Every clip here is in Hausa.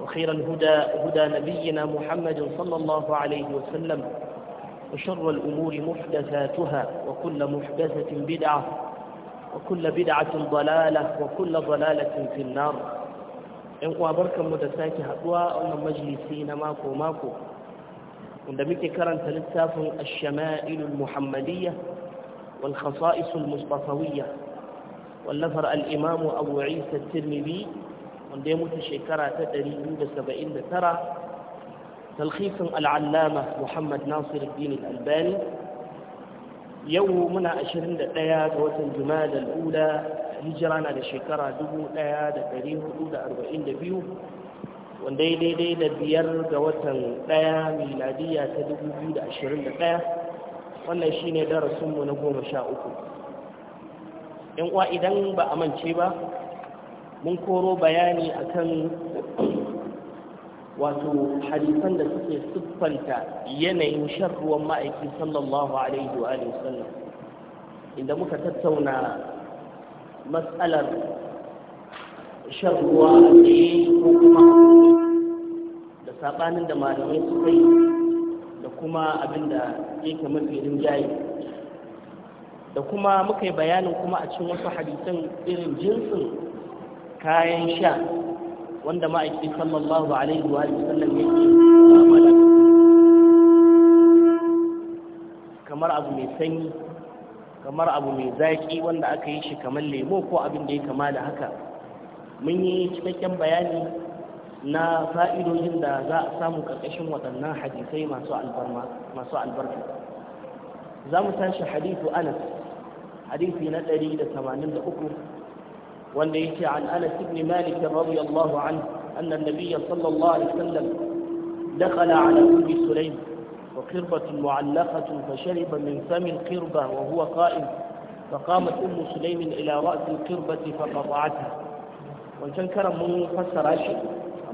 وخير الهدى هدى نبينا محمد صلى الله عليه وسلم وشر الأمور محدثاتها وكل محدثة بدعة وكل بدعة ضلالة وكل ضلالة في النار إن أبركم مدساك هدوى أن مجلسين ماكو ماكو عندما muke karanta الشمائل المحمدية والخصائص المصطفوية wal الإمام أبو عيسى الترمذي wanda ya mutu shekara ta 279 talhisin al'allama muhammad nasir bin albani yau muna 21 ga watan juma'a al'ula hijira na da shekara 1442 wanda ya daidai da biyar ga watan ɗaya miladiya ta 2021 wannan shi ne darasinmu na goma sha uku ‘yan uwa idan ba a mance ba mun koro bayani akan wato hadisan da suke siffanta yanayin sharruwan ma'aiki sallallahu alaihi wa sallam inda muka tattauna matsalar sharruwa a yi ko kuma da saɓanin da malamai su kai da kuma abin da yake mafi rinjaye da kuma muka yi bayanin kuma a cikin wasu hadisan irin jinsin kayan sha wanda ma'aiki sallallahu alaihi wa sallam ya ce mu'amala kamar abu mai sanyi kamar abu mai zaƙi wanda aka yi shi kamar lemo ko abin da ya kama da haka mun yi cikakken bayani na fa'idojin da za a samu ƙarƙashin waɗannan hadisai masu albarka za mu tashi hadisu anas hadisi na 183 والنيكي عن أنس بن مالك رضي الله عنه أن النبي صلى الله عليه وسلم دخل على كل سليم وقربة معلقة فشرب من فم القربة وهو قائم فقامت أم سليم إلى رأس القربة فقطعتها وان وانشنكر من فسر أشياء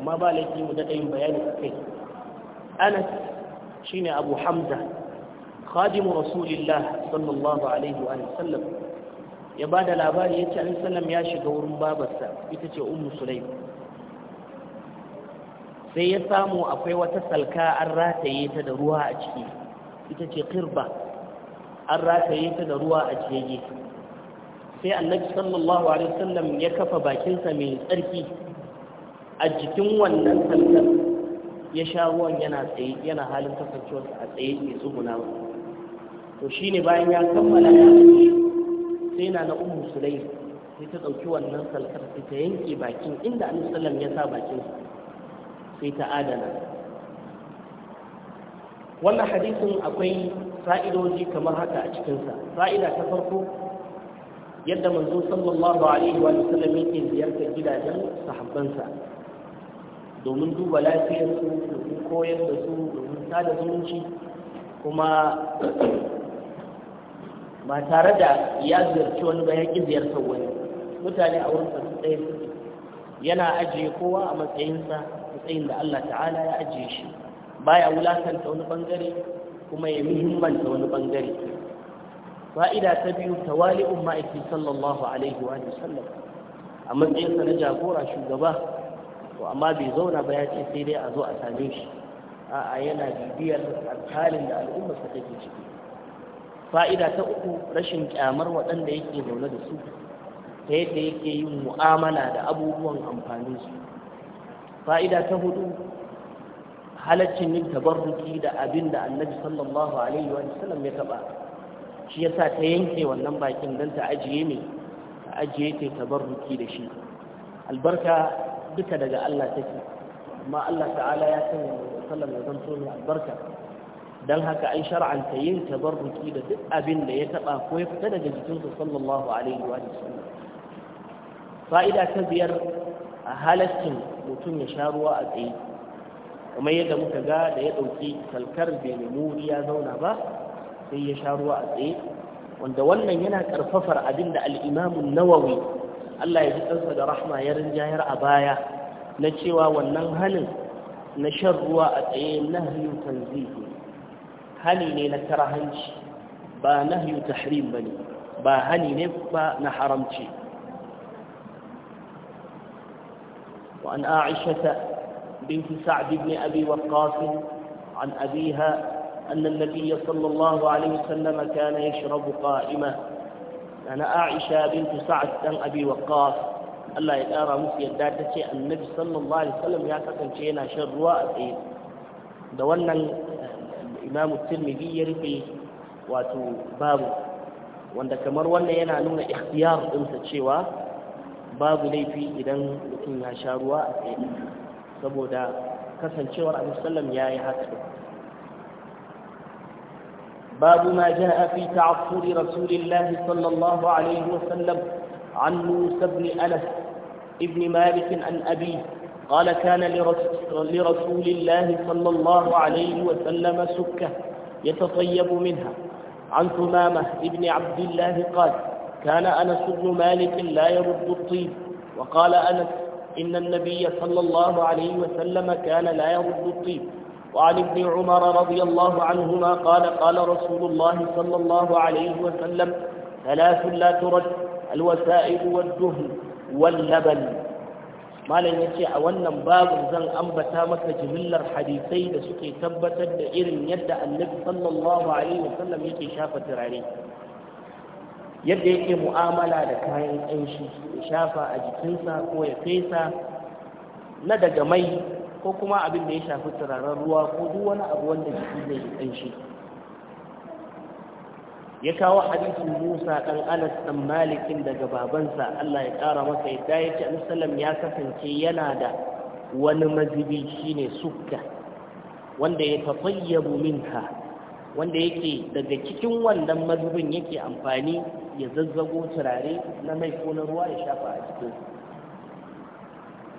أما بالك لمدقين بيان الكيل أنس شين أبو حمزة خادم رسول الله صلى الله عليه وآله وسلم ya ba da labari ya ce sallam ya shiga wurin babarsa ita ce umu sulaim sai ya samu akwai wata salka an rataye ta da ruwa a ciki ita ce kirba an rataye ta da ruwa a ciki. sai annabi sallallahu alaihi wasallam ya kafa bakinsa mai tsarki a jikin wannan salkar ya sha ruwan yana tsaye yana halin kasancewa a tsaye mai tsuguna to shine bayan ya kammala ya tsaye sai na na ummu sulai sai ta ɗauki wannan salkar sai ta yanke bakin inda annabi sallam ya sa bakin sai ta adana wannan hadisin akwai fa'idoji kamar haka a cikinsa fa'ida ta farko yadda manzo sallallahu alaihi wa sallam yake ziyartar gidajen sahabbansa domin duba lafiyarsu domin koyar da su domin sada zumunci kuma ba tare da ya ziyarci wani ba ya ƙi ziyartar wani mutane a wurin sun su suke yana ajiye kowa a matsayinsa matsayin da Allah ta'ala ya ajiye shi baya wulakanta wani bangare kuma ya muhimmanta wani bangare fa'ida ta biyu tawali'un ma'aiki sallallahu alaihi wa sallam a matsayinsa na jagora shugaba to amma bai zauna ba ya ce sai dai a zo a same shi a'a yana bibiyar alhalin da al'ummarsa take ciki fa'ida ta uku rashin kyamar waɗanda yake zaune da su ta yadda yake yin mu'amala da abubuwan amfanin su fa'ida ta hudu halaccin yin tabarruki da abin da annabi sallallahu alaihi wa sallam ya taɓa shi yasa ta yanke wannan bakin don ta ajiye mai ta ajiye ta tabarruki da shi albarka duka daga Allah take amma Allah ta'ala ya sanya sallam ya zanto mai albarka don haka an shar'anta yin tabarruki da duk abin da ya taba ko ya fita daga jikinsa sallallahu alaihi wa sallam fa'ida ta biyar a halaccin mutum ya sha ruwa a tsaye kamar yadda muka ga da ya ɗauki kalkar bai nemi ya zauna ba sai ya sha ruwa a tsaye wanda wannan yana ƙarfafar abin da al'imamun nawawi Allah ya ji ɗansa da rahma ya rinjayar a baya na cewa wannan halin na shan ruwa a tsaye na hanyar tanzihi hani ne na karahanci ba nahyu tahrim bane ba hani ne ba na haramci وعن عائشة بنت سعد بن أبي وقاص عن أبيها أن النبي صلى الله عليه وسلم كان يشرب قائمة أنا عائشة بنت سعد بن أبي وقاص الله يقارى مسي الدادة النبي صلى الله عليه وسلم يعتقد شيئا شر وأسئل دولنا imamu tirmidhi ya rufe wato babu wanda kamar wannan yana nuna ikhtiyar ɗinsa cewa babu laifi idan mutum ya sha ruwa a tsaye saboda kasancewar abu sallam ya yi haka ɗin babu ma ja'a fi ta'affuri rasulillahi sallallahu alaihi wa sallam an musa ibn anas ibn malik an abi قال كان لرسول الله صلى الله عليه وسلم سكة يتطيب منها عن ثمامة ابن عبد الله قال كان أنس بن مالك لا يرد الطيب وقال أنس إن النبي صلى الله عليه وسلم كان لا يرد الطيب وعن ابن عمر رضي الله عنهما قال قال رسول الله صلى الله عليه وسلم ثلاث لا ترد الوسائل والدهن واللبن malam ya ce a wannan babu zan ambata maka jimillar hadisai da suke tabbatar da irin yadda annabi sallallahu alaihi wasallam yake shafa turare yadda yake mu'amala da kayan ƙanshi ya shafa a jikinsa ko ya fesa na daga mai ko kuma abin da ya shafi turaren ruwa ko duk wani abu wanda jiki zai yi ƙanshi ya kawo hadisin Musa dan Anas dan Malikin daga babansa Allah ya ƙara masa yadda ya ce Annabi ya kasance yana da wani mazibi shine sukka wanda ya tafayyabu minha wanda yake daga cikin wannan mazubin yake amfani ya zazzago turare na mai ko na ruwa ya shafa a cikin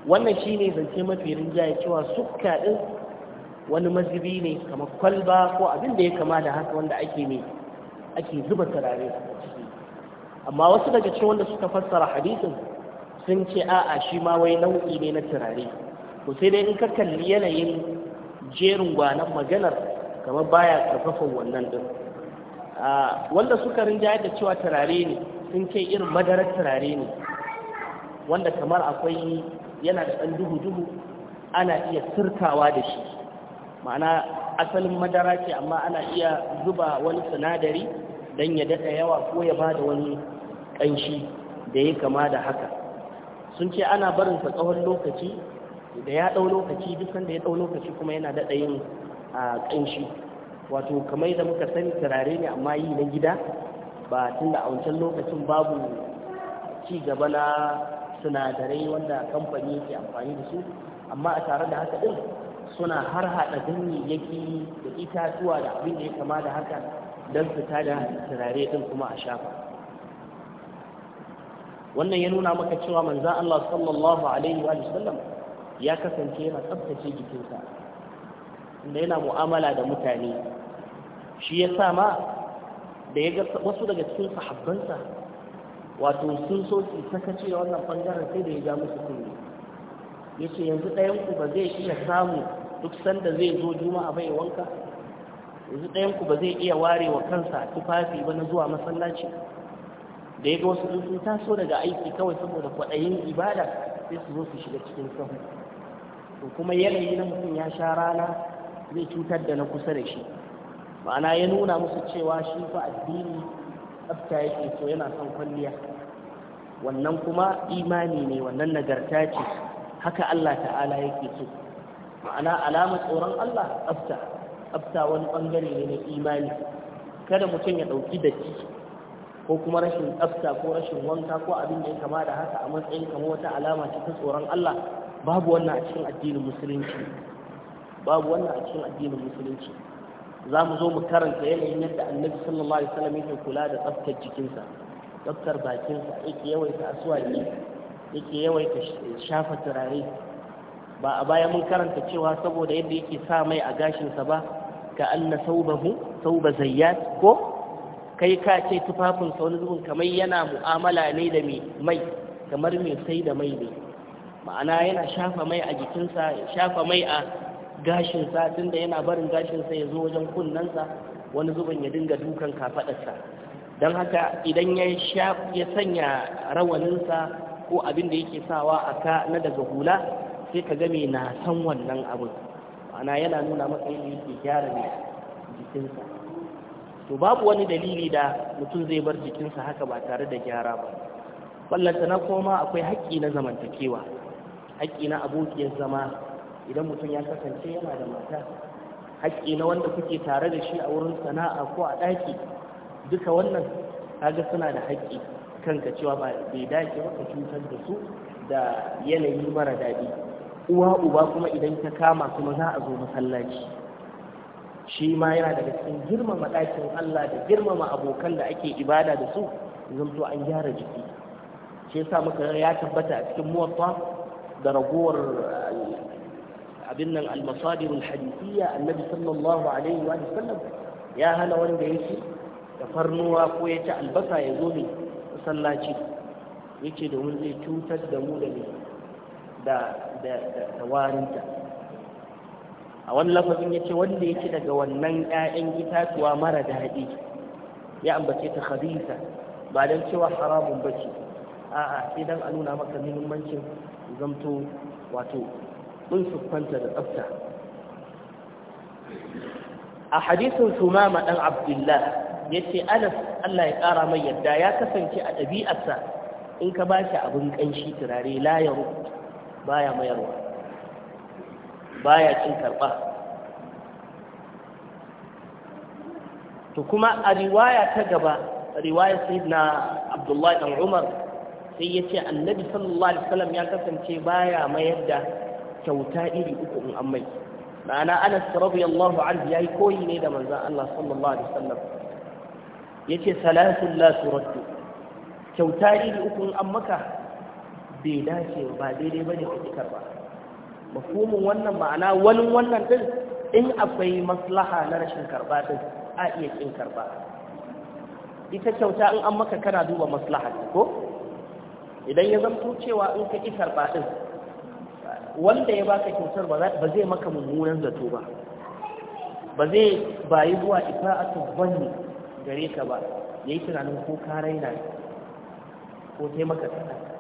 wannan shine zance mafi ya cewa sukka din wani mazubi ne kamar kwalba ko abin da ya kama da haka wanda ake ne ake zuba turare a ciki amma wasu daga cikin wanda suka fassara hadisin sun ce a'a shi ma wai nau'i ne na turare ko sai dai in ka kalli yanayin jerin gwanan maganar kamar baya karfafan wannan din wanda suka rinja da cewa turare ne sun ce irin madarar turare ne wanda kamar akwai yana da ɗan duhu-duhu ana iya sirkawa da shi ma'ana asalin madara ce amma ana iya zuba wani sinadari Dan ya daɗa yawa ko ya bada wani ƙanshi da ya kama da haka sun ce ana barin sa tsawon lokaci da ya ɗau lokaci duk sanda ya ɗau lokaci kuma yana daɗa yin ƙanshi wato kamar da muka sani turare ne amma yi na gida ba tun da a wancan lokacin babu ci gaba na sinadarai wanda kamfani yake amfani da su amma a tare da haka ɗin suna har haɗa ganyayyaki da itatuwa da abin da ya kama da haka don fita da turare din kuma a shafa wannan ya nuna maka cewa manzan Allah sallallahu alaihi wa sallam ya kasance yana tsabtace jikinsa inda yana mu'amala da mutane shi ya sa ma da ya ga wasu daga cikin sahabbansa wato sun so su sakaci da wannan bangaren sai da ya ja musu kunne ya ce yanzu ɗayanku ba zai iya samu duk sanda zai zo juma'a bai wanka yanzu ɗayanku ba zai iya ware wa kansa tufafi ba na zuwa masallaci da ya ga wasu in sun taso daga aiki kawai saboda kwaɗayin ibada sai su zo su shiga cikin sahu to kuma yanayi na mutum ya sha rana zai cutar da na kusa da shi ma'ana ya nuna musu cewa shi fa addini tsafta yake so yana son kwalliya wannan kuma imani ne wannan nagarta ce haka Allah ta'ala yake so ma'ana alamar tsoron Allah tsafta tsafta wani bangare ne na imani kada mutum ya ɗauki datti ko kuma rashin tsafta ko rashin wanka ko abin da ya kama da haka a matsayin kamar wata alama ta tsoron Allah babu wannan a cikin addinin musulunci babu wannan a cikin addinin musulunci za mu zo mu karanta yanayin yadda annabi sallallahu alaihi wasallam yake kula da tsaftar jikinsa tsaftar bakinsa yake yawaita ne, yake yawaita shafa turare ba a baya mun karanta cewa saboda yadda yake sa mai a gashinsa ba ka anna saubahu sauba zayyat ko kai ka ce tufafin wani zubin kamar yana mu'amala ne da mai kamar mai sai da mai ne ma'ana yana shafa mai a jikinsa shafa mai a gashinsa tunda yana barin gashinsa ya zo wajen kunnensa wani zubin ya dinga dukan kafaɗarsa don haka idan ya sanya rawaninsa ko abin da yake sawa a ka na daga hula sai ka game na san wannan abin ma'ana yana nuna masa da yake gyara ne jikinsa to babu wani dalili da mutum zai bar jikinsa haka ba tare da gyara ba ballanta na koma akwai haƙƙi na zamantakewa haƙƙi na abokiyar zama idan mutum ya kasance yana da mata haƙƙi na wanda kuke tare da shi a wurin sana'a ko a ɗaki duka wannan kaga suna da haƙƙi kanka cewa ba bai dace ba ka cutar da su da yanayi mara daɗi uwa uba kuma idan ta kama kuma za a zo masallaci shi ma yana daga cikin girmama ɗakin Allah da girmama abokan da ake ibada da su zamto an gyara jiki shi yasa muka ya tabbata a cikin muwatta da ragowar eh, abin nan al-masadir al-hadithiyya annabi sallallahu alaihi wa sallam ya hana wanda yake da farnuwa ko ya ci albasa ya zo ne masallaci yace domin zai cutar da mu da mu da warinta a wani lafazin ya ce wanda ya ci daga wannan 'ya'yan itatuwa mara daɗi ya ambace ta khabisa ba don cewa haramun ba ce a'a sai a nuna maka muhimmancin zamto wato mun siffanta da tsafta a hadisin sumama ɗan abdullah ya ce anas allah ya ƙara mai yadda ya kasance a ɗabi'arsa in ka ba shi abin ƙanshi turare la ya rubuta baya mayarwa baya cin karɓa to kuma a riwaya ta gaba riwaya riwayar na abdullahi dan umar sai ya ce annabi sallallahu alaihi wasallam ya kasance baya mayar da kyauta iri uku in an mai ma'ana anas radiyallahu anhu yayi koyi ne da manzon Allah sallallahu alaihi wasallam yace salatu la turaddu kyauta iri uku in an maka bai dace ba daidai ba ne kake karba mafumin wannan ma'ana wani wannan din in akwai maslaha na rashin karba din a iya kin karba ita kyauta in an maka kana duba maslaha ko idan ya zamto cewa in ka ki karba din wanda ya baka kyautar ba zai maka mummunan zato ba ba zai bayi zuwa ifa'atu banni gare ka ba yayi tunanin ko ka raina ko taimaka maka kaɗan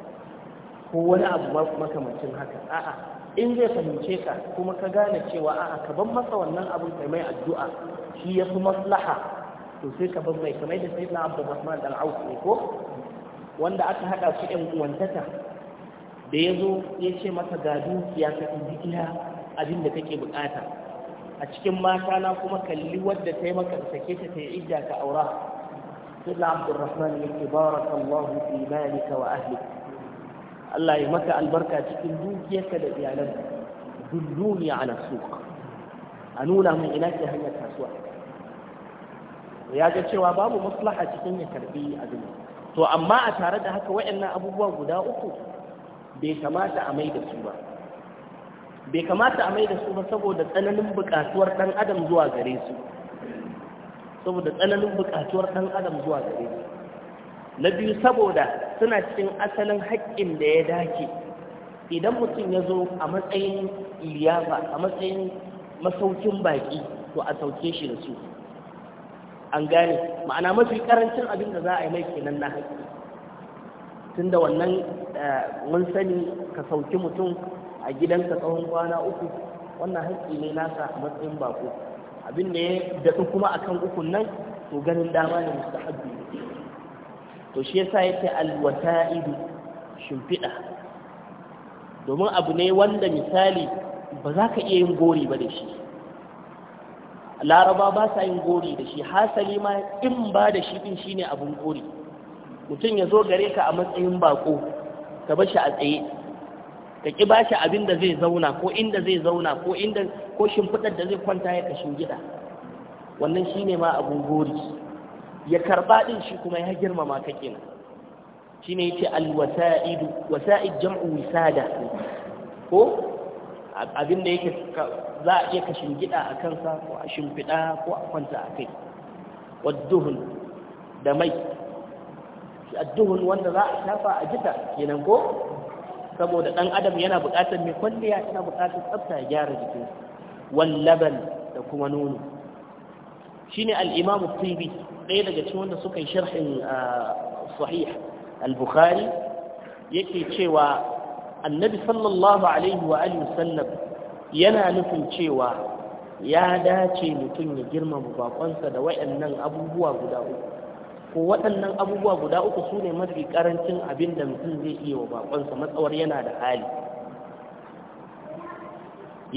ko wani abu makamancin haka a'a in zai fahimce ka kuma ka gane cewa a'a ka ban masa wannan abin kai mai addu'a shi ya fi maslaha to sai ka ban mai kamar da sayyidina abdurrahman da auf ne ko wanda aka haɗa su yan uwantaka da ya zo ya ce masa ga dukiya ka ɗin iya abin da kake bukata a cikin mata na kuma kalli wadda ta yi maka sake ta ta yi ijja ka aura sai abdurrahman yake barakallahu fi malika wa ahlika Allah ya maka albarka cikin dukiyarka da iyalan dulluni ala suq a nuna mun ina ke hanyar kasuwa ya ga cewa babu maslaha cikin ya karbi abin to amma a tare da haka waɗannan abubuwa guda uku bai kamata a mai da su ba bai kamata a mai da su ba saboda tsananin buƙatuwar ɗan adam zuwa gare su saboda tsananin buƙatuwar ɗan adam zuwa gare su na biyu saboda suna cikin asalin haƙƙin da ya dace idan mutum ya zo a matsayin liyafa a matsayin masaukin baƙi to a sauke shi da su an gane ma'ana mafi karancin abin da za a yi mai kenan na haƙƙi tun da wannan eh, mun sani ka sauki mutum a gidanka tsawon kwana uku wannan haƙƙi ne nasa a matsayin bako abin da ya daɗu kuma akan ukun nan to ganin dama ne mustahabbi to shi yasa yake alwata'idu shimfiɗa domin abu ne wanda misali ba za ka iya yin gori ba da shi laraba ba sa yin gori da shi hasali ma in ba da shi din shine abun gori mutum ya zo gare ka a matsayin bako ka bar shi a tsaye ka ƙi ba shi abin da zai zauna ko inda zai zauna ko inda ko da zai kwanta ya kashin gida wannan shine ma abun gori ya karba din shi kuma ya girmama ka kina. kenan shine yace alwasa'id wasa'id jam'u wisada ko abin da yake za a iya kashin gida a kansa ko a shimfiɗa ko a kwanta a kai wadduhun da mai adduhun wanda za a shafa a gita kenan ko saboda ɗan adam yana buƙatar mai kwalliya yana buƙatar tsafta ya gyara jikinsa wallaban da kuma nono shine al-imamu tibi ɗaya daga cikin wanda suka yi sharhin ah, sahih al-bukhari yake cewa annabi sallallahu alaihi wa alihi sallam yana nufin cewa ya dace mutum ya girmama bakonsa da waɗannan abubuwa guda uku ko waɗannan abubuwa guda uku su ne mafi ƙarancin abin da mutum zai iya wa bakonsa matsawar yana da hali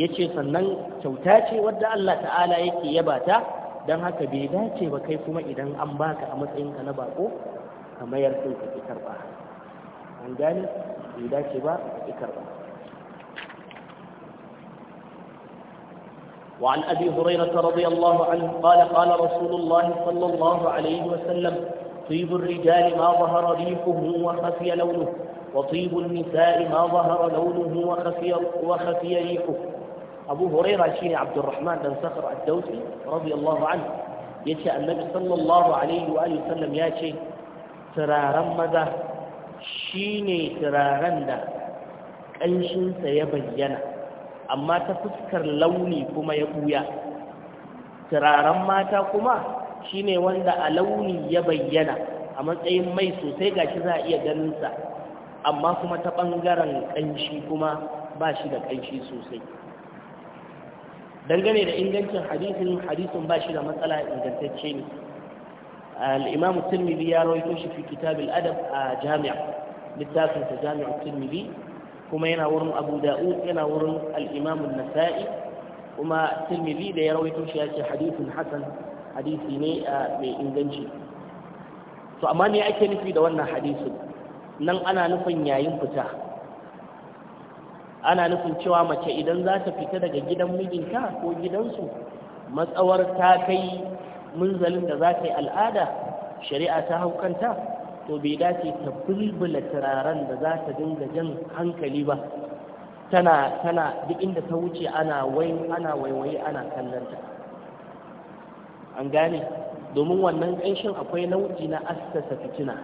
ya ce sannan kyauta ce wadda Allah ta'ala yake yaba ta don haka bai dace ba kai kuma idan an baka a ka na bako ka mayar sai ka ki karba an gani bai dace ba ka ki karba وعن أبي هريرة رضي الله عنه قال قال رسول الله صلى الله عليه وسلم طيب الرجال ما ظهر ريحه وخفي لونه وطيب النساء ما ظهر لونه وخفي, وخفي ريحه abu huraira shine abdurrahman dan sakar ad-dausi radiyallahu anhu yace annabi sallallahu alaihi wa alihi sallam yace turaren maza shine turaren da ƙanshinsa ya bayyana amma ta fuskar launi kuma ya buya turaren mata kuma shine wanda a launi ya bayyana a matsayin mai sosai gashi za a iya ganinsa amma kuma ta ɓangaren ƙanshi kuma ba shi da ƙanshi sosai dangane da ingancin hadisin hadisin ba shi da matsala ingantacce ne al-imam ya rawaito shi fi kitab al a jami'a littafin sa jami'a tirmidhi kuma yana wurin abu da'ud yana wurin al nasai kuma tirmidhi da ya rawaito shi ya ce hadisin hasan hadisi ne mai inganci to amma me ake nufi da wannan hadisin nan ana nufin yayin fita ana nufin cewa mace idan za ta fita daga gidan mijinta ko gidansu matsawar ta kai munzalin da za ta yi al'ada shari'a ta haukanta to bai dace ta bulbula turaren da za ta dinga jan hankali ba tana tana duk inda ta wuce ana wai ana waiwaye ana kallonta an gane domin wannan ƙanshin akwai nau'i na assasa fitina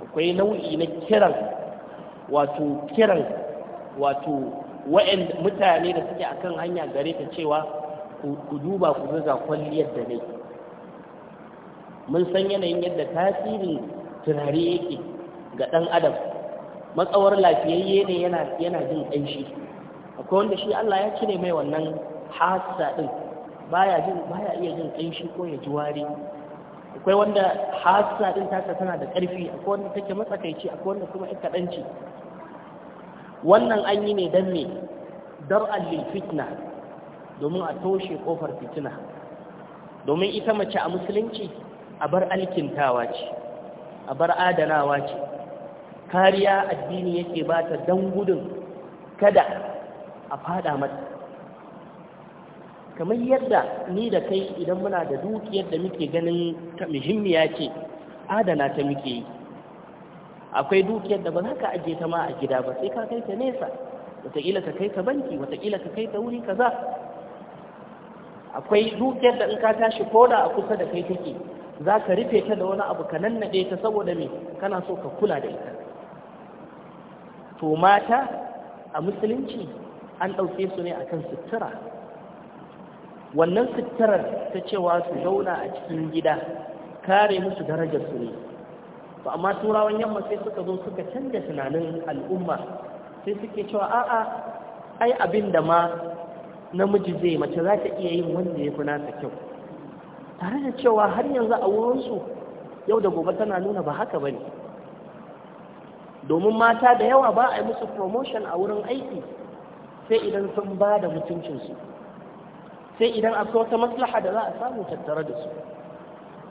akwai nau'i na kiran wato kiran wato wa'in mutane da suke akan hanya gare ta cewa ku duba ku ga kwalliyar da ne. mun san yanayin yadda tasirin turare yake ga ɗan adam matsawar lafiyayye ne yana jin ƙanshi akwai wanda shi Allah ya cire mai wannan hasa ɗin baya jin baya iya jin ƙanshi ko ya ji wari akwai wanda hasa ɗin tasa tana da ƙarfi akwai wanda take matsakaici akwai wanda kuma ita ɗanci wannan an yi ne don me dar allin fitna domin a toshe kofar fitina domin ita mace a musulunci a bar alkintawa ce a bar adanawa ce kariya addini yake ba ta don gudun kada a fada mata kamar yadda ni da kai idan muna da dukiyar da muke ganin ta muhimmiya ce adana ta muke yi akwai dukiyar da ba za ka ajiye ta ma a gida ba sai ka kai ta nesa wataƙila ka kai ta banki wataƙila ka kai ta wuri kaza akwai dukiyar da in ka tashi koda a kusa da kai take za ka rufe ta da wani abu ka nannaɗe ta saboda me kana so ka kula da ita to mata a musulunci an ɗauke su ne akan sutura wannan sutura ta cewa su zauna a cikin gida kare musu darajar su ne to amma turawan yamma sai suka zo suka canja tunanin al'umma sai suke cewa a'a ai abin da ma namiji zai mace za ta iya yin wanda ya fi nasa kyau tare da cewa har yanzu a wurinsu yau da gobe tana nuna ba haka ba ne domin mata da yawa ba a yi musu promotion a wurin aiki sai idan sun ba da mutuncinsu sai idan akwai wata maslaha da za a samu tattare da su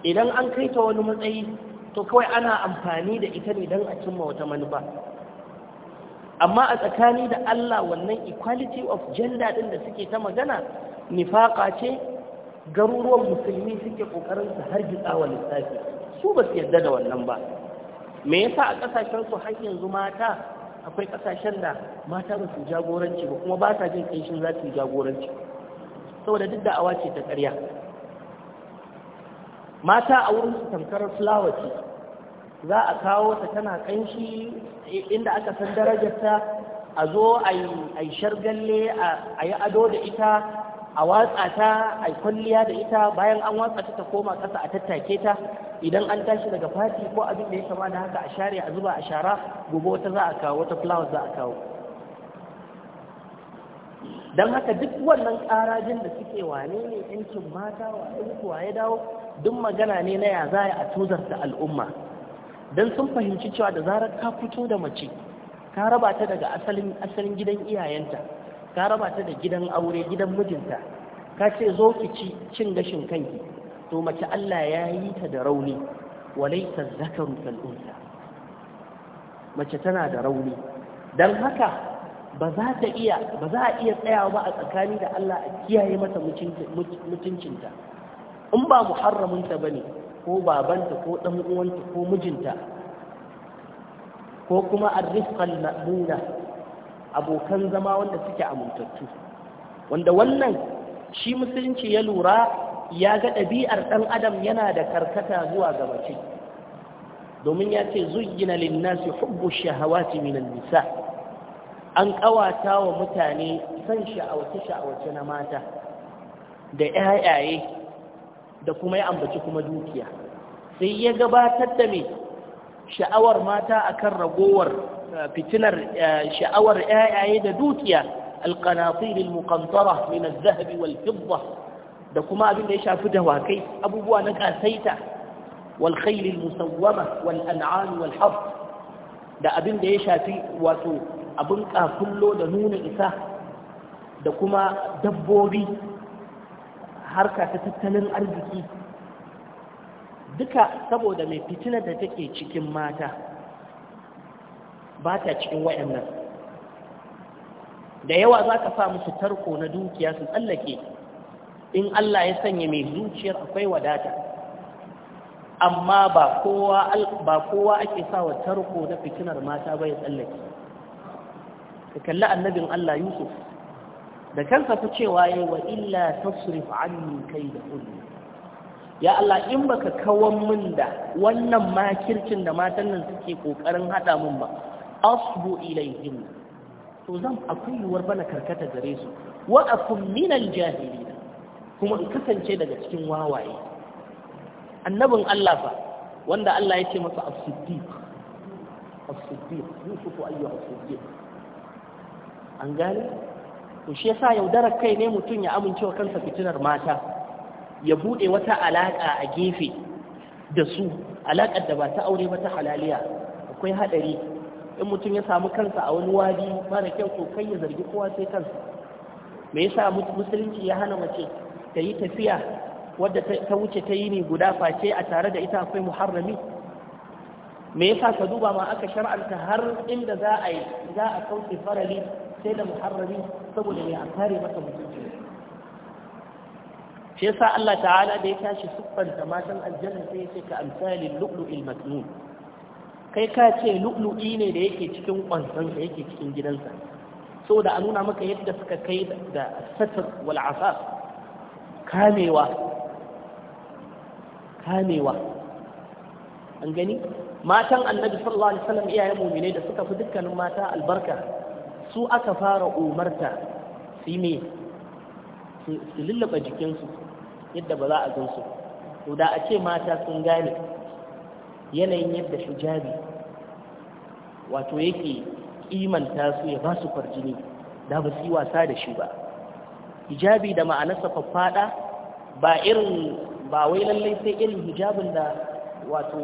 idan an kai ta wani matsayi to kawai ana amfani da ita ne don a cimma wata manufa amma a tsakani da Allah wannan equality of gender din da suke ta magana nifaka ce garuruwan musulmi suke kokarin su har wa lissafi su ba su yarda da wannan ba me yasa a kasashen su har yanzu mata akwai kasashen da mata ba su jagoranci ba kuma ba sa jin kishin za su yi jagoranci saboda duk da'awa ce ta ƙarya mata a wurin su tamkar fulawa ce za a kawo ta tana kanshi inda aka san darajarta a zo a yi shargalle a yi ado da ita a watsa ta a kwalliya da ita bayan an watsa ta ta koma ƙasa a tattake ta idan an tashi daga fati ko abin da ya kama da haka a share a zuba a shara gobe wata za a kawo wata fulawa za a kawo don haka duk wannan ƙarajin da suke wane ne yankin mata wa ya dawo duk magana ne na ya zaya a tuzarta al'umma don sun fahimci cewa da zarar ka fito da mace ka raba ta daga asalin gidan iyayenta ka raba ta da gidan aure gidan mijinta ka ce zo ki ci cin gashin kanki to mace Allah ya yi ta da rauni walaita zakaru kal mace tana da rauni don haka ba za ta iya ba za a iya tsayawa ba a tsakani da Allah a kiyaye mata mutuncinta in ba ba ne, ko babanta ko ɗan uwanta ko mijinta ko kuma arrifqal nuna abokan zama wanda suke amintattu wanda wannan shi musulunci ya lura ya ga ɗabi'ar ɗan adam yana da karkata zuwa ga mace domin ya ce zuyyina linnasi nasi hubbu shahawati minan nisa' an ƙawata wa mutane son sha'awace-sha'awace na mata da ‘ya'yaye da kuma ya ambaci kuma dukiya sai ya gabatar da mai sha'awar mata akan ragowar eh, fitinar eh, sha'awar ‘ya'yaye da dukiya alƙanatir al-muqantara min az-zahabi walhibba, da kuma abin da ya shafi dawakai abubuwa na kasaita wal khayl al-musawwama wal da abin da ya shafi wato abin kafullo da nuna isa da kuma dabbobi harka ta tattalin arziki duka saboda mai fitina da take cikin mata ba ta cikin wayannan da yawa za ka sa musu tarko na dukiya su tsallake in Allah ya sanya mai zuciyar akwai wadata amma ba kowa ake sa wa tarko na fitinar mata bai tsallake ka kalli annabin Allah Yusuf da kansa fa cewa yi wa illa tasrif kai da kulli ya Allah in baka kawan min da wannan makircin da matan nan suke kokarin hada min ba asbu ilayhim to zan akwai yuwar bana karkata gare su wa akum min aljahilin kuma in kasance daga cikin wawaye annabin Allah fa wanda Allah ya ce masa as-siddiq as-siddiq yusufu ayyuha as-siddiq an gane to shi yasa yaudarar kai ne mutum ya amincewa kansa fitinar mata ya bude wata alaka a gefe da su alakar da ba ta aure ba ta halaliya akwai hadari in mutum ya samu kansa a wani wadi mara kyau to kai ya zargi kowa sai kansa me yasa musulunci ya hana mace ta yi tafiya wadda ta wuce ta yi ne guda face a tare da ita akwai muharrami me yasa ka duba ma aka shar'anta har inda za a yi za a kauce farali sai da muharrami saboda ne a masa mutunci shi yasa Allah ta'ala da ya tashi siffanta matan aljanna sai ya ce ka amsalin lu'lu'il masnun kai ka ce lu'lu'i ne da yake cikin kwansansa yake cikin gidansa saboda a nuna maka yadda suka kai da satar wal asar kamewa kamewa an gani matan annabi sallallahu alaihi wasallam iyayen mu'mine da suka fi dukkanin mata albarka su aka fara umarta su ne su lullaba jikinsu yadda ba za a gansu to da a ce mata sun gane yanayin yadda hijabi wato yake ƙimanta su ya ba su kwarjini da ba su yi wasa da shi ba hijabi da ma'anarsa faffada ba irin ba wai lallai sai irin hijabin da wato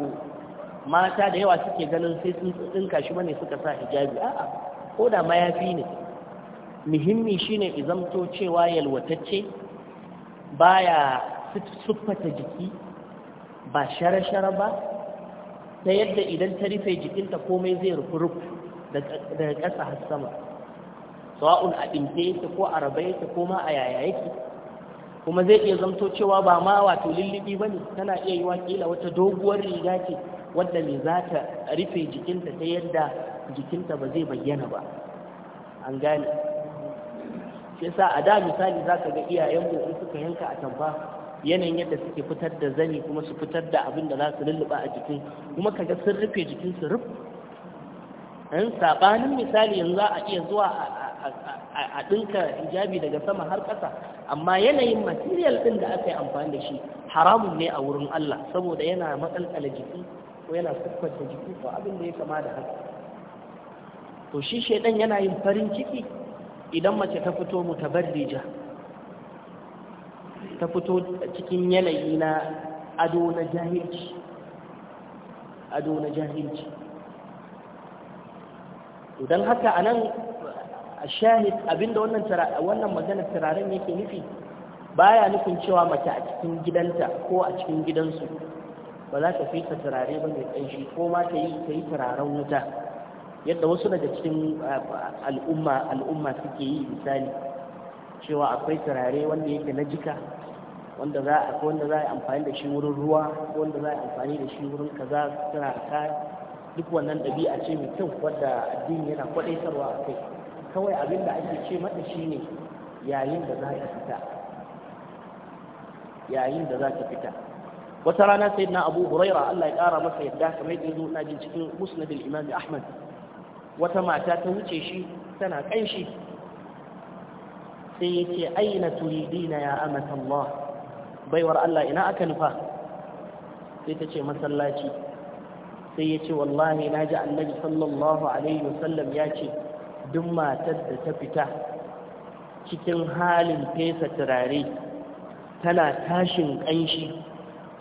mata da yawa suke ganin sai sun tsinka shi bane suka sa hijabi a'a ko da mayafi ne muhimmi shine izamto cewa yalwatacce baya suffata jiki ba shara-shara ba ta yadda idan ta rufe jikinta komai zai rufu rufu daga ƙasa har sama sawa'un a ɗinke yake ko a raba yake ko ma a yaya yake kuma zai iya zamto cewa ba ma wato lullubi ba ne tana iya yi wakila wata doguwar riga ce wadda mai za ta rufe jikinta ta yadda jikinta ba zai bayyana ba an gane shi yasa a da misali za ka ga iyayenmu in suka yanka a tamba yanayin yadda suke fitar da zani kuma su fitar da abin da za su lulluɓa a jikin kuma ka ga sun rufe jikinsu ruf in saɓanin misali yanzu za a iya zuwa a ɗinka hijabi daga sama har ƙasa amma yanayin material ɗin da aka yi amfani da shi haramun ne a wurin Allah saboda yana matsalƙala jiki ko yana da jiki ko abin da ya kama da haka to shi shaidan yana yin farin ciki idan mace ta fito mu ta fito cikin yanayi na ado na jahilci ado na jahilci to don haka a nan shahid abinda wannan wannan magana turaren yake nufi baya nufin cewa mace a cikin gidanta ko a cikin gidansu ba za ta fita turare ba mai ƙanshi ko ma ta yi ta yi turaren wuta yadda wasu daga cikin ah, al'umma al'umma suke yi misali cewa akwai turare wanda yake na jika wanda za a wanda za a amfani da shi wurin ruwa ko wanda za a amfani da shi wurin kaza tana ka duk wannan ɗabi'a ce mai kyau wadda addini yana kwaɗaitarwa a kai kawai abin da ake ce mata shine yayin da za ka fita yayin da za ka fita wata rana sai na abu huraira Allah ya kara masa yadda kamar yadda zo na jin cikin musnadil imam ahmad wata mata ta wuce shi tana kanshi sai yace aina turidina ya amata Allah baiwar Allah ina aka nufa sai ta ce masallaci sai yace wallahi naji annabi sallallahu alaihi wasallam ya ce duk matar da ta fita cikin halin fesa turare tana tashin kanshi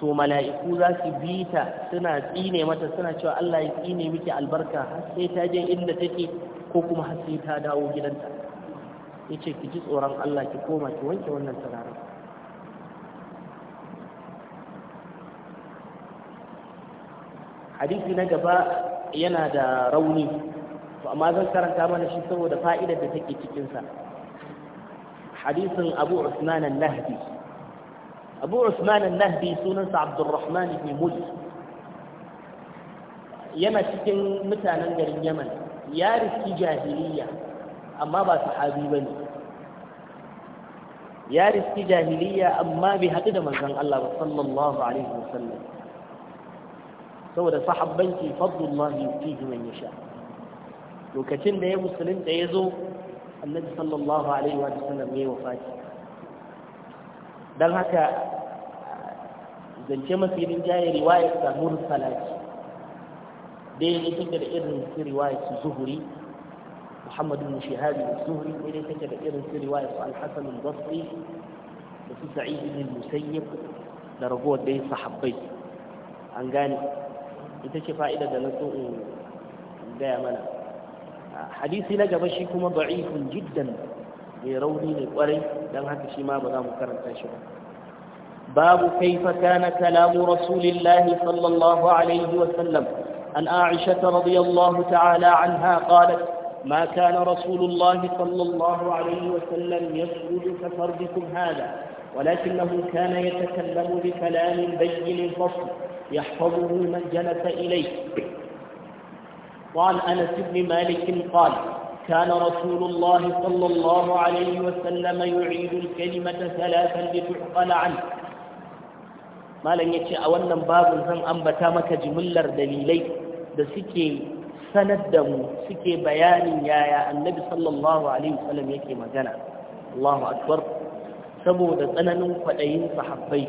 to mala'iku za su bi ta suna tsine mata suna cewa Allah ya tsine miki albarka har sai ta je inda take ko kuma har sai ta dawo gidanta yace ki ji tsoron Allah ki koma ki wanke wannan turaren hadisi na gaba yana da rauni to amma zan karanta mana shi saboda fa'idar da take cikin sa hadisin Abu Usman Lahadi. أبو عثمان النهدي سننس عبد الرحمن بن مل يما تكن متانا نجري اليمن يارس في جاهلية أما با صحابي بني يارس في جاهلية أما بهكذا مزان الله صلى الله عليه وسلم سوى ده صحب بنتي فضل الله يؤتيه من يشاء لو كتن يا مسلم تيزو النبي صلى الله عليه وسلم يوفاتي don haka zance mafi rinjaye riwayar ta mursala ce daidai take da irin su riwayar su zuhuri muhammadu bin shahabi zuhuri daidai take da irin su riwayar su alhassan al-basri da su sa'id ibn musayyib da ragowar dai sahabbai an gane ita ce fa'ida da na so in gaya mana hadisi na gaba shi kuma da'ifun jiddan mai rauni ne kwarai don haka shi ma ba za mu karanta shi ba باب كيف كان كلام رسول الله صلى الله عليه وسلم عن عائشة رضي الله تعالى عنها قالت ما كان رسول الله صلى الله عليه وسلم يسجد كفردكم هذا ولكنه كان يتكلم بكلام بين فصل يحفظه من جلس إليه وعن أنس بن مالك قال كان رسول الله صلى الله عليه وسلم يعيد الكلمة ثلاثا لتعقل عنه malam ya ce a wannan babin zan ambata maka jimillar dalilai da suke sanar da mu suke bayanin yaya annabi sallallahu alaihi wasallam yake magana Allahu saboda tsananin kwaɗayin sahabbai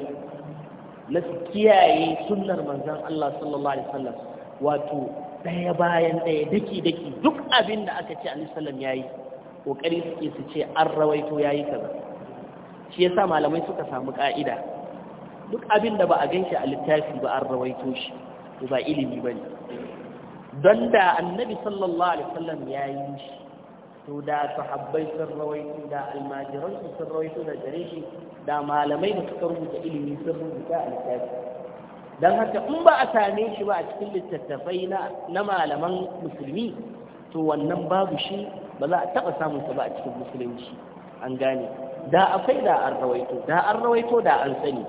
na su kiyaye sunnar manzon Allah sallallahu alaihi wasallam wato ɗaya bayan ɗaya daki-daki duk abin da aka ce alisalam ya yi ƙoƙari suke su ce an rawaito yayi yi kaza shi ya malamai suka samu ka'ida duk abin da ba a ganshi a littafi ba an rawaito shi ba ilimi ba ne don da annabi sallallahu alaihi wasallam ya yi shi to da sahabbai sun rawaito da almajiransu sun rawaito da gare shi da malamai da suka rubuta ilimi sun rubuta a littafi don haka in ba a same shi ba a cikin littattafai na malaman musulmi to wannan babu shi ba za a taɓa samunsa ba a cikin musulunci an gane da akwai da an rawaito da an rawaito da an sani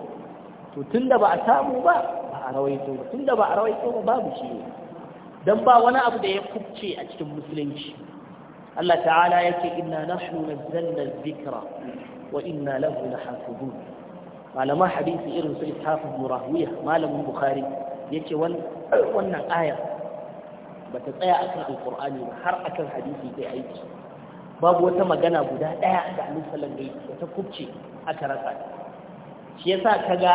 to tun da ba a samu ba ba a rawaito ba tun da ba a rawaito ba babu shi ne don ba wani abu da ya kubce a cikin musulunci Allah ta'ala ya ce inna nahnu nazzalna dhikra wa inna lahu lahafizun malaman hadisi irin su littafin ibn malamin bukhari ce wannan aya ta tsaya akan alqur'ani ba har akan hadisi zai aiki babu wata magana guda ɗaya da annabi sallallahu alaihi ta kubce aka rasa shi yasa ga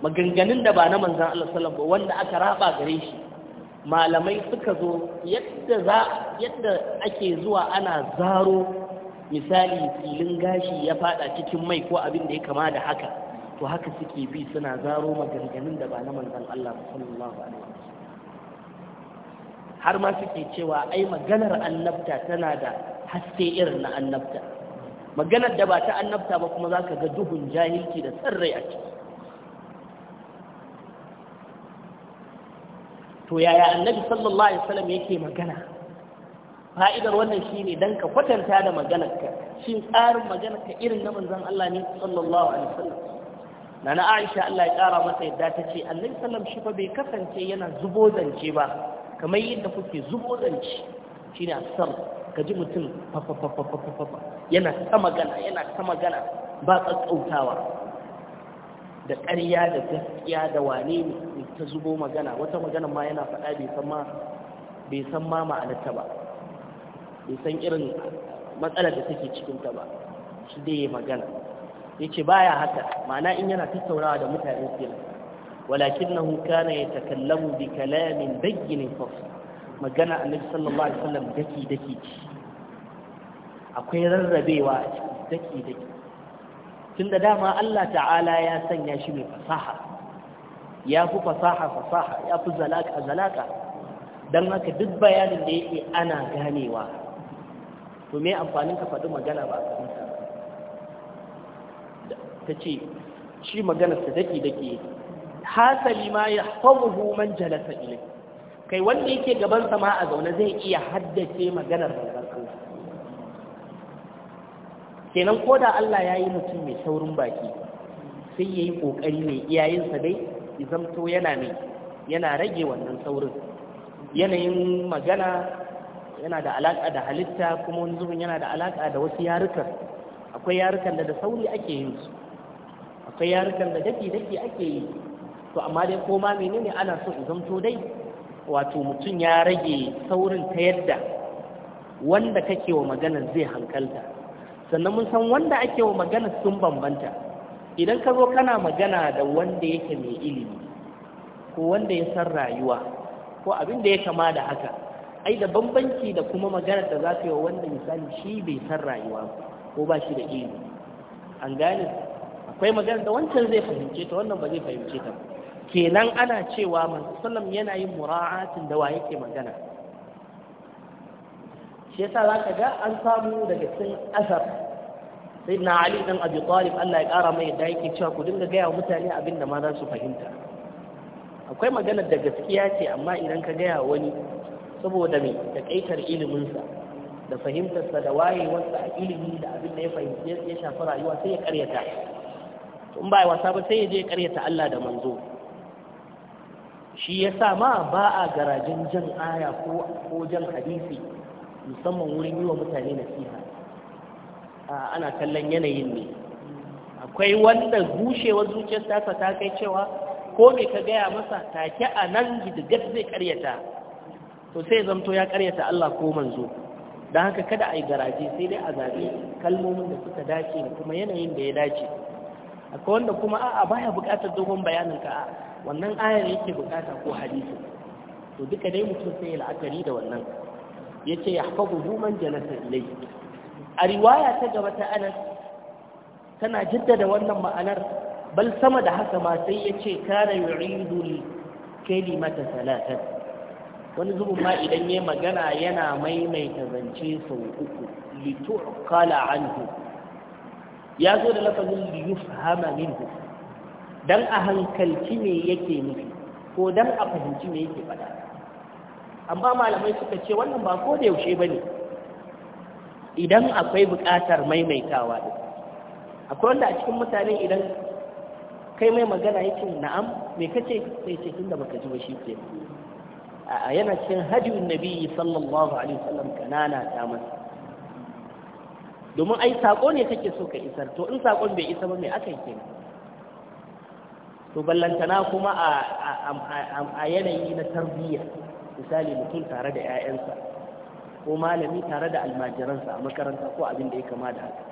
maganganun da ba na manzan Allah ba wanda aka raba gare shi malamai suka zo yadda za yadda ake zuwa ana zaro misali filin gashi ya fada cikin mai ko abin da ya kama da haka to haka suke bi suna zaro maganganun da ba na manzon Allah sallallahu alaihi wasallam har ma suke cewa ai maganar annabta tana da haske irin na annabta maganar da ba ta annabta ba kuma zaka ga duhun jahilci da tsarrai a ciki to yaya annabi sallallahu alaihi wasallam yake magana fa'idar wannan shi ne don ka kwatanta da maganarka shi tsarin maganarka irin na manzon Allah ne sallallahu alaihi wasallam na Aisha Allah ya kara masa yadda ta ce Annabi sallam shi fa bai kasance yana zubo zance ba kamar yadda kuke zubo zance shi shine asar ka ji mutum yana ta magana yana ta magana ba tsakautawa da ƙarya da gaskiya da wane ne ta zubo magana wata magana ma yana faɗa bai san ma bai san ma ma'anarta ba bai san irin matsalar da take cikin ta ba shi dai ya magana yace baya haka ma'ana in yana tattaunawa da mutane Walakin sai walakinahu ya yatakallamu bi kalamin bayyin fasl magana annabi sallallahu alaihi wasallam daki daki akwai rarrabewa a ciki daki daki da dama Allah ta'ala ya sanya shi mai fasaha ya fi fasaha fasaha ya fi zalaka zalaka don haka duk bayanin da yake ana ganewa to me amfanin ka faɗi magana ba a ta ce shi maganar ta dake dake hasali ma ya famuhu man jalasa ilai kai wanda yake gaban sama a zaune zai iya haddace maganar manzon Allah kenan da Allah ya yi mutum mai saurin baki sai ya yi ƙoƙari mai iyayensa dai izamto yana mai yana rage wannan saurin yanayin magana yana da alaƙa da halitta kuma wani zubin yana da alaƙa da wasu yarukan akwai yarukan da da sauri ake yin su akwai yarukan da daki daki ake yi to amma dai ko ma menene ana so in zamto dai wato mutum ya rage saurin ta yadda wanda kake wa maganar zai hankalta sannan mun san wanda ake wa maganar sun bambanta idan ka zo kana magana da wanda yake mai ilimi ko wanda ya san rayuwa ko abin da ya kama da haka ai da bambanci da kuma maganar da za ta yi wa wanda misali shi bai san rayuwa ko ba shi da ilimi an gane akwai maganar da wancan zai fahimce ta wannan ba zai fahimce ta kenan ana cewa manzo sallam yana yin mura'atin da wa yake magana shi yasa zaka ga an samu daga cikin asar sai na ali dan abi talib Allah ya kara mai da yake cewa ku dinga gaya wa mutane abin da ma za su fahimta akwai maganar da gaskiya ce amma idan ka gaya wani saboda mai takaitar iliminsa da fahimtarsa da wayewarsa a ilimi da abin da ya fahimci ya shafi rayuwa sai ya karyata Tun ba wasa ba sai ya je ya karyata Allah da manzo shi ya sa ma ba a garajin jan aya ko jan hadisi musamman wurin yi wa mutane nasiha ana kallon yanayin ne akwai wanda gushewar zuciyar ta kai cewa ko me ka gaya masa take a nan gidigar zai karyata to sai zamto ya karyata Allah ko manzo don haka kada a yi garaje sai dai a zaɓi kalmomin da suka dace da kuma yanayin da ya dace akwai wanda kuma a'a baya buƙatar dogon bayanin ka wannan ayar yake buƙata ko hadisi to duka dai mutum sai ya la'akari da wannan yace yahfazuhu man jalasa ilayhi a riwaya ta gaba ta Anas tana jaddada wannan ma'anar bal sama da haka ma sai ya yace kana yu'idu kalimata salatan wani zubin ma idan ya magana yana maimaita zance sau uku litu'qala anhu ya zo da lafazin liyufhama ku. dan a hankalci ne yake nufi ko dan a fahimci ne yake faɗa amma malamai suka ce wannan ba ko da yaushe ba ne. idan akwai buƙatar maimaitawa din akwai wanda a cikin mutane idan kai mai magana yake na'am me kace sai ce tunda baka ji ba shi ke a yana cikin hadiyun nabi sallallahu alaihi wasallam kanana ta masa domin ai sako ne kake so ka isar to in sakon bai isa ba me aka yi kenan to ballantana kuma a yanayi na tarbiyya misali mutum tare da 'ya'yansa ko malami tare da almajiransa a makaranta ko abin da ya kama da haka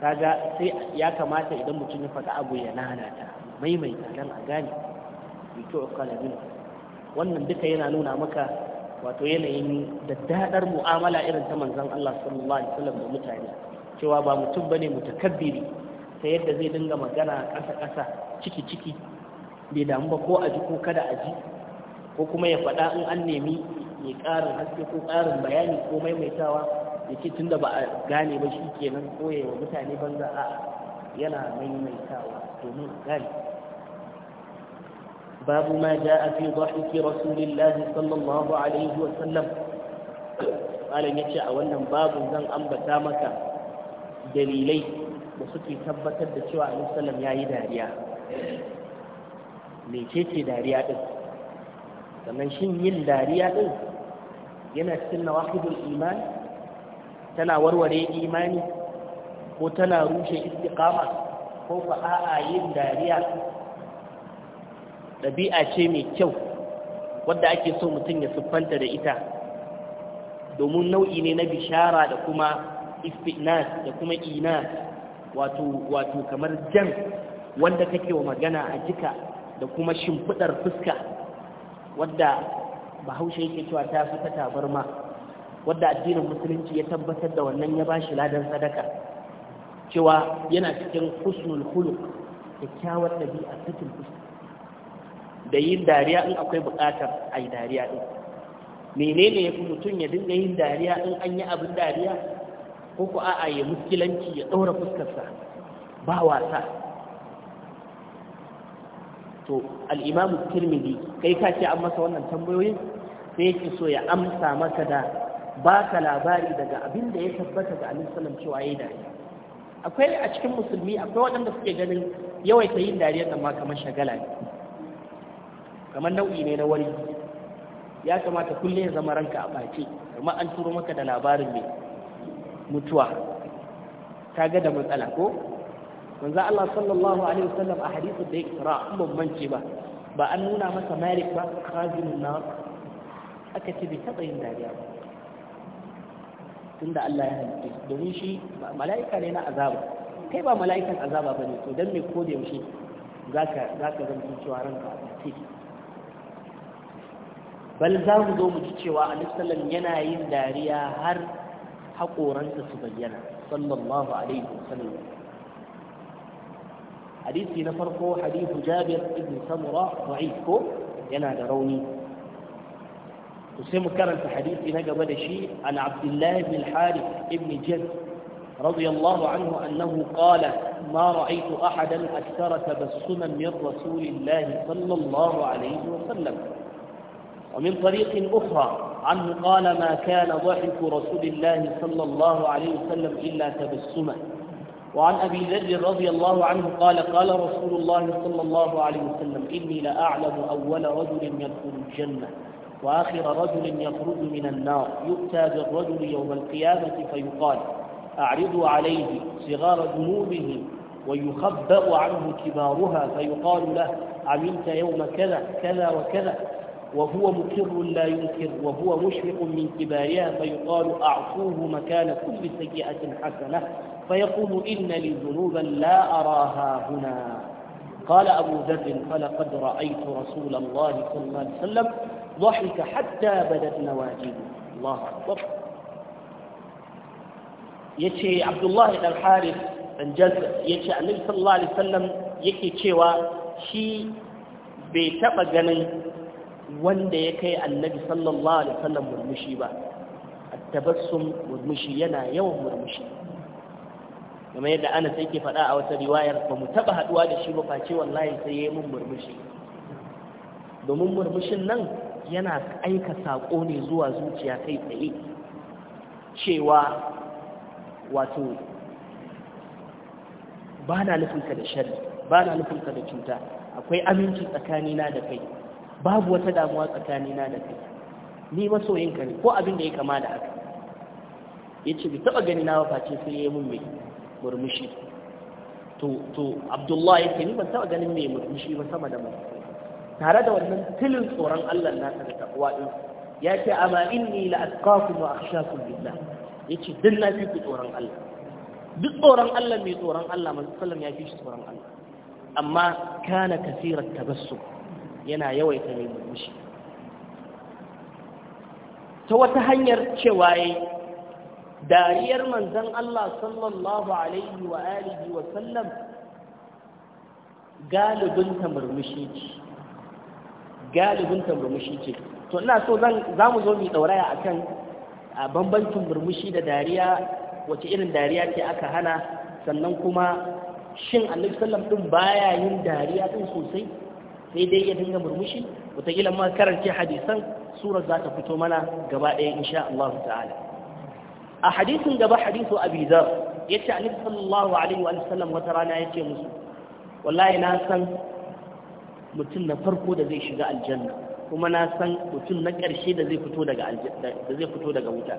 kaga sai ya kamata idan mutum ya faɗa abu ya nanata maimaita don a gane kala kalamin wannan duka yana nuna maka wato yanayin da dadar mu'amala irin ta manzan Allah sallallahu alaihi wasallam da mutane cewa ba mutum bane mutakabbiri ta yadda zai dinga magana ƙasa ƙasa ciki ciki bai damu ba ko a ji ko kada a ji ko kuma ya faɗa in an nemi ya ƙarin haske ko ƙarin bayani ko maimaitawa ya ce tunda ba a gane ba shi kenan ko ya wa mutane banza a yana maimaitawa domin a gane باب ما جاء في ضحك رسول الله صلى الله عليه وسلم قال يتي a wannan babu zan ambata maka dalilai da suke tabbatar da cewa Annabi sallam yayi dariya me ce dariya din sannan shin yin dariya din yana cikin nawaqidul iman tana warware imani ko tana rushe istiqama ko fa yin dariya ɗabi'a ce mai kyau wadda ake so mutum ya siffanta da ita domin nau'i ne na bishara da kuma istinas da kuma inas wato kamar jan wanda kake wa magana a jika da kuma shimfiɗar fuska wadda bahaushe yake cewa ta fi ta tabarma wadda addinin musulunci ya tabbatar da wannan ya ba shi ladan sadaka cewa yana cikin husnul khuluq kyakkyawar ɗabi'a cikin fuska da yin dariya in akwai buƙatar a yi dariya ɗin menene ya fi mutum ya dinga yin dariya in an yi abin dariya ko ku a'a ya muskilanci ya ɗaura fuskarsa ba wasa to al'imamu tirmidhi kai ka ce an masa wannan tambayoyin sai yake so ya amsa maka da ba ka labari daga abin da ya tabbata ga alaihi salam cewa yi dariya akwai a cikin musulmi akwai waɗanda suke ganin yawaita yin dariya nan ma kamar shagala ne kamar nau'i ne na wari ya kamata kullum ya zama ranka a baki kamar an turo maka da labarin mai mutuwa ta ga da matsala ko manzo Allah sallallahu alaihi wasallam a hadisin da Isra in ban mance ba ba an nuna masa Malik ba khazimun nar aka ce bai taɓa yin dariya ba tunda Allah ya halitta domin shi mala'ika ne na azaba kai ba mala'ikan azaba bane to dan me ko da yaushe zaka zaka zanto cewa ranka a ciki bal za mu zo mu ji cewa alisalam yana yin dariya har haƙoransa su bayyana sallallahu alaihi wasallam hadisi na farko hadithu jabir ibn samura da'if ko yana da rauni to sai mu karanta hadisi na gaba da shi an abdullah ibn harith ibn jaz رضي الله عنه أنه قال ما رأيت أحدا أكثر تبسما من رسول الله صلى الله عليه وسلم ومن طريق أخرى عنه قال ما كان ضحك رسول الله صلى الله عليه وسلم إلا تبسما وعن أبي ذر رضي الله عنه قال قال رسول الله صلى الله عليه وسلم إني لأعلم أول رجل يدخل الجنة وآخر رجل يخرج من النار يؤتى بالرجل يوم القيامة فيقال أعرضوا عليه صغار ذنوبه ويخبأ عنه كبارها فيقال له عملت يوم كذا كذا وكذا وهو مكر لا ينكر وهو مشفق من كبارها فيقال أعطوه مكان كل سيئة حسنة فيقول إن لي ذنوبا لا أراها هنا قال أبو ذر فلقد رأيت رسول الله صلى الله عليه وسلم ضحك حتى بدت نواجذه الله أكبر يتشي عبد الله بن الحارث بن جزء يتشي النبي صلى الله عليه وسلم shi شي بيتبقى wanda ya kai annabi sallallahu alaihi wasallam murmushi ba tabassum murmushi yana yawan murmushi kamar yadda ana sai ke faɗa a wata riwayar ba mu taba haɗuwa da shi ba face wallahi sai ya mun murmushi domin murmushin nan yana aika sako ne zuwa zuciya kai tsaye cewa wato ba na nufinka da shari ba na nufinka da cuta akwai aminci tsakanina da kai babu wata damuwa tsakanina da kai ni masoyinka ne ko abin da ya kama da haka ya ce bi taɓa gani na face sai ya yi mun mai murmushi to abdullahi ya ce ni ban taɓa ganin mai murmushi ba sama da mai tare da wannan tilin tsoron allah nasa da takwa ɗin ya ce amma inni la atqakum wa akhshakum billah ya ce duk na fi ku tsoron allah duk tsoron allah mai tsoron allah manzo sallam ya fi shi tsoron allah amma kana kasirar tabassum yana yawaita mai murmushi ta wata hanyar cewa ya dariyar manzan Allah sallallahu alaihi wa alihi wa sallam galibinta murmushi ce galibinta murmushi ce to ina so za mu zo mu dauraya a kan bambancin murmushi da dariya wace irin dariya ce aka hana sannan kuma shin annabi sallam ɗin baya yin dariya ɗin sosai sai dai ya dinga murmushi wataƙila ma karance hadisan surar za ta fito mana gaba ɗaya insha Allah ta'ala a hadisin gaba hadisu abi zar yace annabi sallallahu alaihi wa sallam wata rana ya ce musu wallahi na san mutum na farko da zai shiga aljanna kuma na san mutum na ƙarshe da zai fito daga aljanna da zai wuta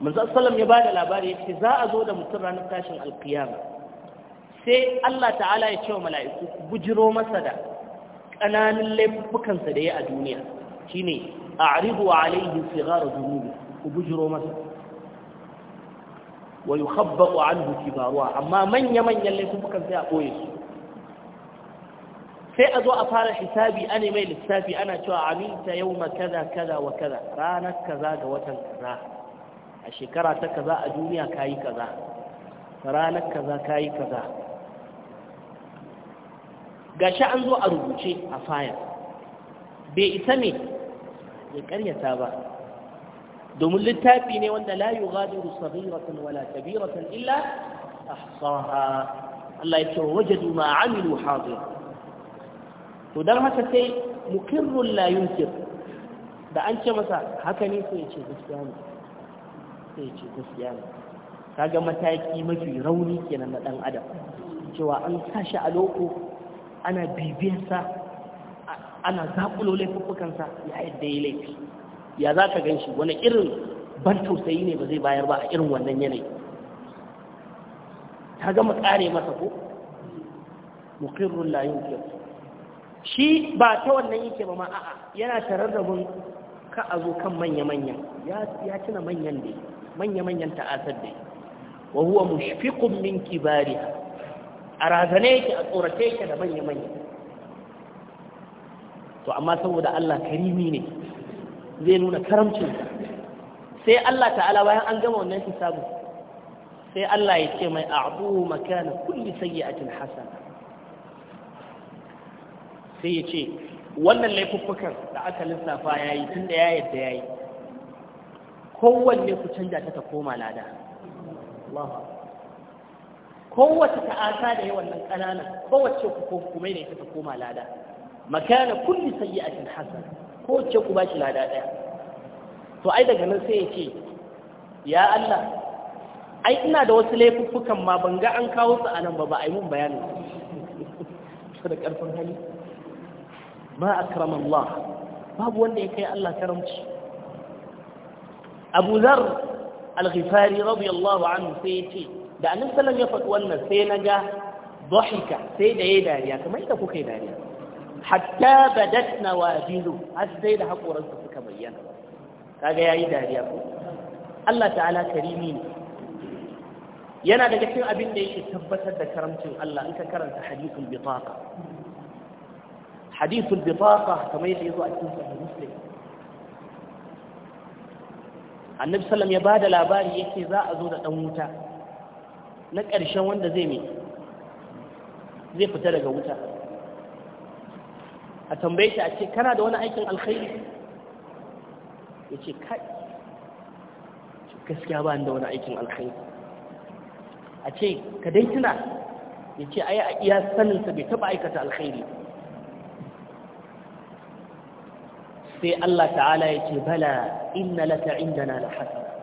manzo sallam ya bada labari ya ce za a zo da mutum ranar tashin alkiyama sai Allah ta'ala ya ce wa mala'iku bujiro masa da ƙananan laifukansa da ya a duniya shi ne a arihu a alaihi sigara zunubi ku bujiro masa wa yi habbaku an huki baruwa amma manya-manyan laifukan sai a ɓoye su sai a zo a fara hisabi ana mai lissafi ana cewa aminta yau ma kaza kaza wa kaza ranar kaza ga watan kaza a shekara ta kaza a duniya ka yi kaza ranar kaza ka yi kaza Ga gashi an zo a rubuce a fayar bai isa ne ya karyata ba domin littafi ne wanda layu la yughadiru saghiratan wala kabiratan illa ahsaha Allah ya ce wajadu ma amilu hadir to don haka sai mukirrun la yunkir da an ce masa haka ne sai ya ce gaskiya ne sai ya ce gaskiya ne kaga mataki mafi rauni kenan na dan adam cewa an sashi a loko ana bibiyarsa ana zaƙulo laifuffukansa ya yadda ya laifi ya za ka gan shi wani irin ban tausayi ne ba zai bayar ba a irin wannan yanayi ta gama tsare masa ko mukirrun layin ke shi ba ta wannan yake ba ma a'a yana tararrabin ka a zo kan manya-manyan ya tuna manyan da manya-manyan ta'asar da wa huwa mushfiqun min kibariha a razane ki a tsorace ki da manya-manya to amma saboda Allah karimi ne zai nuna karamcin. sai Allah ta'ala bayan an gama wannan hisabu sai Allah ya ce mai a'bu makana kulli sayyi'atin hasana sai ya ce wannan laifuffukan da aka lissafa yayi tunda ya yadda yayi kowanne ku canja ta ta koma lada Allahu kowace ta'asa da yawan nan ƙanana kowace ku kuma ne ta koma lada makana kulli sayyi'atin hasana kowace ku ba shi lada ɗaya to ai daga nan sai ya ce ya Allah ai ina da wasu laifuffukan ma ban ga an kawo su anan ba ba a yi mun bayani to da ƙarfin hali ma akram Allah babu wanda ya kai Allah karamci Abu Zar Al-Ghifari radiyallahu anhu sai ya ce da annabi ya faɗi wannan sai na ga dhahika sai da yayi dariya kamar yadda kuka yi dariya hatta ba na badat nawajidu har sai da hakoransa suka bayyana kaga ya yi dariya ku Allah ta'ala karimi ne yana daga cikin abin da yake tabbatar da karamcin Allah in ka karanta hadithul bitaqa hadithul bitaqa kamar yadda yazo a cikin sahih muslim annabi sallam ya bada labari yake za a zo da dan wuta na ƙarshen wanda zai mai zai fita daga wuta a tambaye shi a ce kana da wani aikin alkhairi ya ce kai gaskiya ba da wani aikin alkhairi a ce ka dai tuna ya ce ai a iya saninsa bai taɓa aikata alkhairi sai Allah ta'ala ya ce bala inna laka na da hasana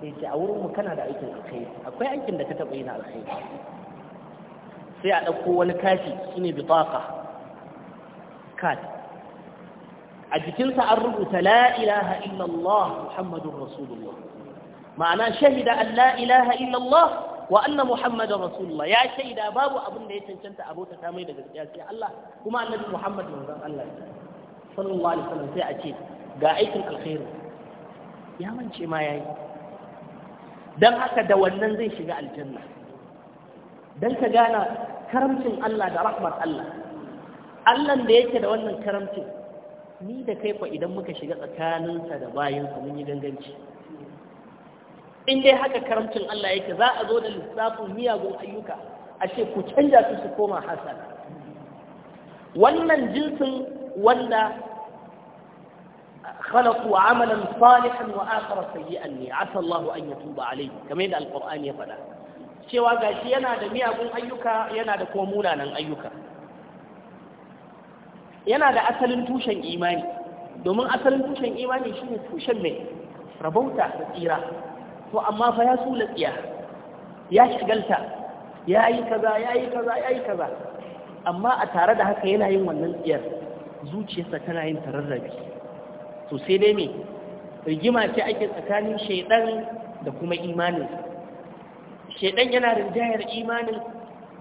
sai ce a wurin mu kana da aikin alkhairi akwai aikin da ka taɓa yi na alkhairi sai a ɗauko wani kashi shine bitaqa kad a jikinsa an rubuta la ilaha illallah muhammadun rasulullah ma'ana shahida an la ilaha illallah wa anna muhammadun rasulullah ya shaida babu abin da ya cancanta abota ta mai da gaskiya sai Allah kuma annabi muhammad manzon Allah sallallahu alaihi wasallam sai a ce ga aikin alkhairi ya mance ma yayi don haka da wannan zai shiga aljanna don ka gana karamcin Allah da rahmar Allah Allahn da yake da wannan karamcin ni da kai kwa idan muka shiga tsakaninsa da bayansa mun yi ganganci in dai haka karamcin Allah yake za a zo da lissafin miyagun ayyuka a ce ku canja su su koma hasana wannan jinsin wanda خلقوا عملا صالحا وآخر سيئا عسى الله أن يتوب عليه كما يدعى القرآن يفعل cewa gashi yana da miyagun ayyuka yana da kuma munanan ayyuka yana da asalin tushen imani domin asalin tushen imani shine tushen mai rabauta da tsira to amma fa ya sula tsiya ya shigalta ya yi kaza ya yi kaza ya yi kaza amma a tare da haka yana yin wannan tsiyar zuciyarsa tana yin tararrabi to sai dai me rigima ce ake tsakanin shaidan da kuma imanin shaidan yana rinjayar imanin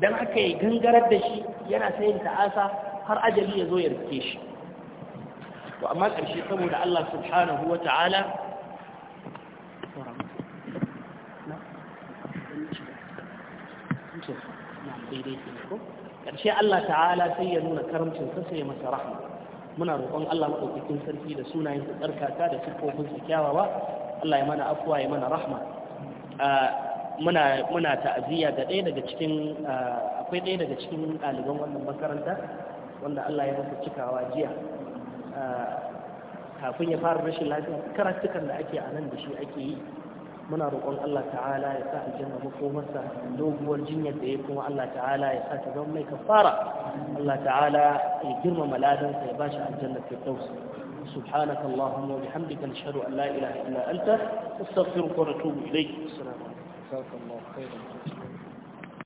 don haka ya gangarar da shi yana sayin ta'asa har ajali ya zo ya rike shi to amma ƙarshe saboda Allah subhanahu wa ta'ala ƙarshe Allah ta'ala sai ya nuna karamcin ya masa rahama muna roƙon Allah maɗaukakin sarki da sunayen su tsarkaka da siffofin su kyawawa Allah ya mana afuwa ya mana rahma muna muna ta'aziyya ga ɗaya daga cikin akwai ɗaya daga cikin ɗaliban wannan makaranta wanda Allah ya masa cikawa jiya kafin ya fara rashin lafiya karatukan da ake a nan da shi ake yi muna roƙon Allah ta'ala ya sa aljanna makomarsa doguwar jinyar da ya kuma Allah ta'ala ya sa ta zama mai kafara Allah ta'ala ya girmama ladansa ya bashi aljanna firdausi سبحانك اللهم وبحمدك نشهد ان لا اله الا انت نستغفرك ونتوب اليك السلام عليكم جزاك الله خيرا